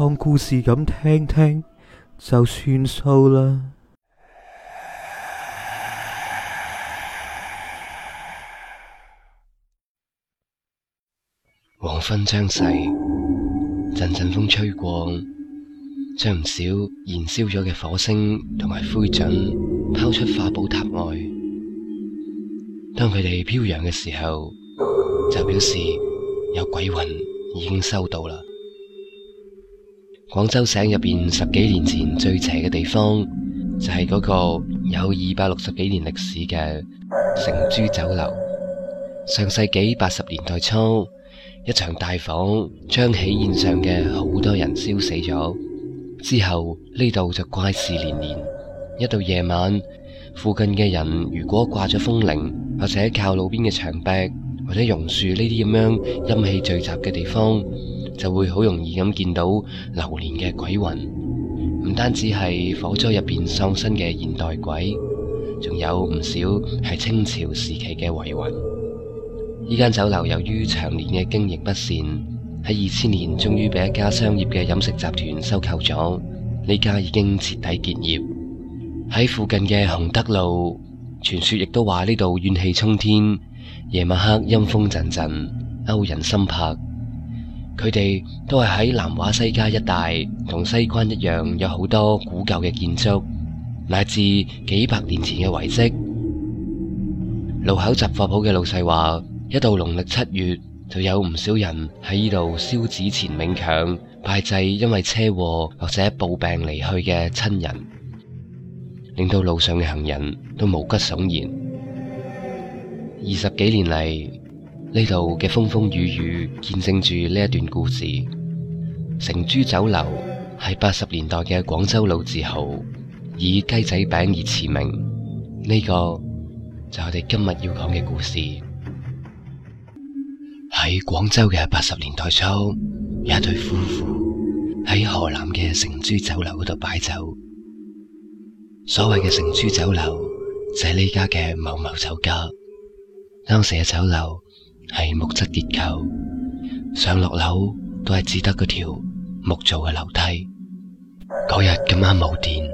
當故事咁聽聽，就算數啦。黃昏將逝，陣陣風吹過，將唔少燃燒咗嘅火星同埋灰燼拋出化寶塔外。當佢哋飄揚嘅時候，就表示有鬼魂已經收到啦。廣州城入邊十幾年前最邪嘅地方，就係嗰個有二百六十幾年歷史嘅成珠酒樓。上世紀八十年代初，一場大火將喜宴上嘅好多人燒死咗。之後呢度就怪事連連。一到夜晚，附近嘅人如果掛咗風鈴，或者靠路邊嘅牆壁或者榕樹呢啲咁樣陰氣聚集嘅地方，就會好容易咁見到留連嘅鬼魂，唔單止係火災入邊喪生嘅現代鬼，仲有唔少係清朝時期嘅遺魂。呢間酒樓由於長年嘅經營不善，喺二千年終於俾一家商業嘅飲食集團收購咗，而家已經徹底結業。喺附近嘅洪德路，傳說亦都話呢度怨氣沖天，夜晚黑陰風陣陣，勾人心魄。佢哋都係喺南華西街一帶，同西關一樣，有好多古舊嘅建築，乃至幾百年前嘅遺跡。路口雜貨鋪嘅老細話：一到農曆七月，就有唔少人喺呢度燒紙錢、冥鏹、拜祭，因為車禍或者暴病離去嘅親人，令到路上嘅行人都毛骨悚然。二十幾年嚟，呢度嘅風風雨雨見證住呢一段故事。成珠酒樓係八十年代嘅廣州老字號，以雞仔餅而馳名。呢、這個就係，我哋今日要講嘅故事。喺廣州嘅八十年代初，有一對夫婦喺河南嘅成珠酒樓嗰度擺酒。所謂嘅成珠酒樓就係呢家嘅某某酒家，當時嘅酒樓。係木質結構，上落樓都係只得嗰條木造嘅樓梯。嗰日咁啱冇電，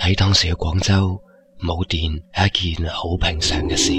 喺當時嘅廣州冇電係一件好平常嘅事。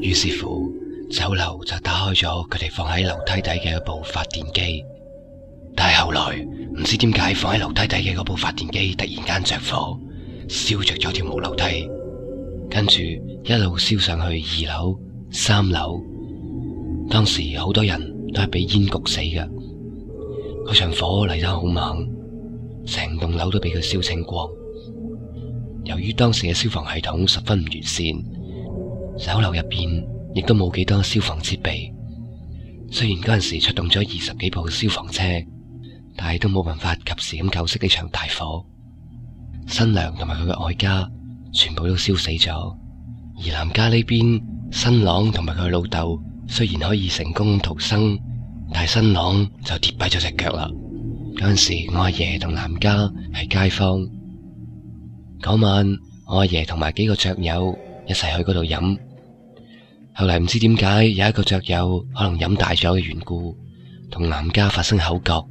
於是乎，酒樓就打開咗佢哋放喺樓梯底嘅一部發電機。但係後來唔知點解放喺樓梯底嘅嗰部發電機突然間着火，燒着咗條木樓梯，跟住一路燒上去二樓。三樓當時好多人都係俾煙焗死嘅，嗰場火嚟得好猛，成棟樓都俾佢燒清光。由於當時嘅消防系統十分唔完善，酒樓入邊亦都冇幾多消防設備。雖然嗰陣時出動咗二十幾部消防車，但係都冇辦法及時咁救熄呢場大火。新娘同埋佢嘅外家全部都燒死咗，而男家呢邊。新郎同埋佢老豆雖然可以成功逃生，但係新郎就跌跛咗隻腳啦。嗰陣時，我阿爺同男家係街坊。嗰晚，我阿爺同埋幾個雀友一齊去嗰度飲，後嚟，唔知點解有一個雀友可能飲大咗嘅緣故，同男家發生口角。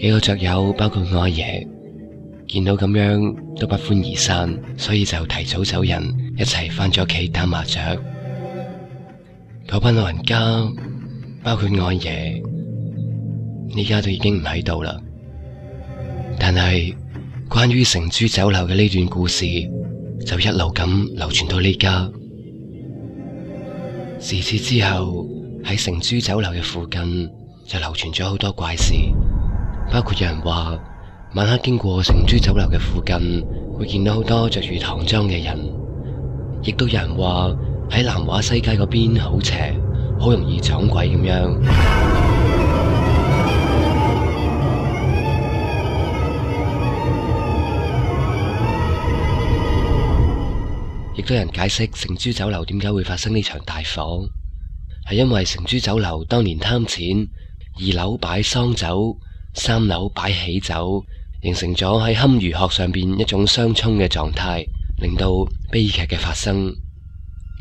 幾個雀友包括我阿爺。見到咁樣都不歡而散，所以就提早走人，一齊翻咗屋企打麻雀。嗰班老人家，包括我阿爺，呢家都已經唔喺度啦。但係關於成珠酒樓嘅呢段故事，就一路咁流傳到呢家。自此之後，喺成珠酒樓嘅附近就流傳咗好多怪事，包括有人話。晚黑經過成珠酒樓嘅附近，會見到好多着住唐裝嘅人，亦都有人話喺南華西街嗰邊好邪，好容易撞鬼咁樣。亦都 有人解釋成珠酒樓點解會發生呢場大火，係因為成珠酒樓當年貪錢，二樓擺喪酒，三樓擺喜酒。形成咗喺堪輿學上邊一種相沖嘅狀態，令到悲劇嘅發生。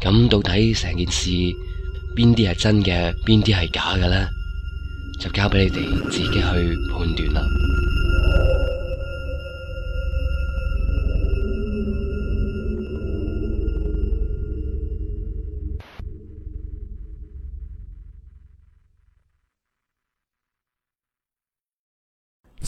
咁到底成件事邊啲係真嘅，邊啲係假嘅咧？就交俾你哋自己去判斷。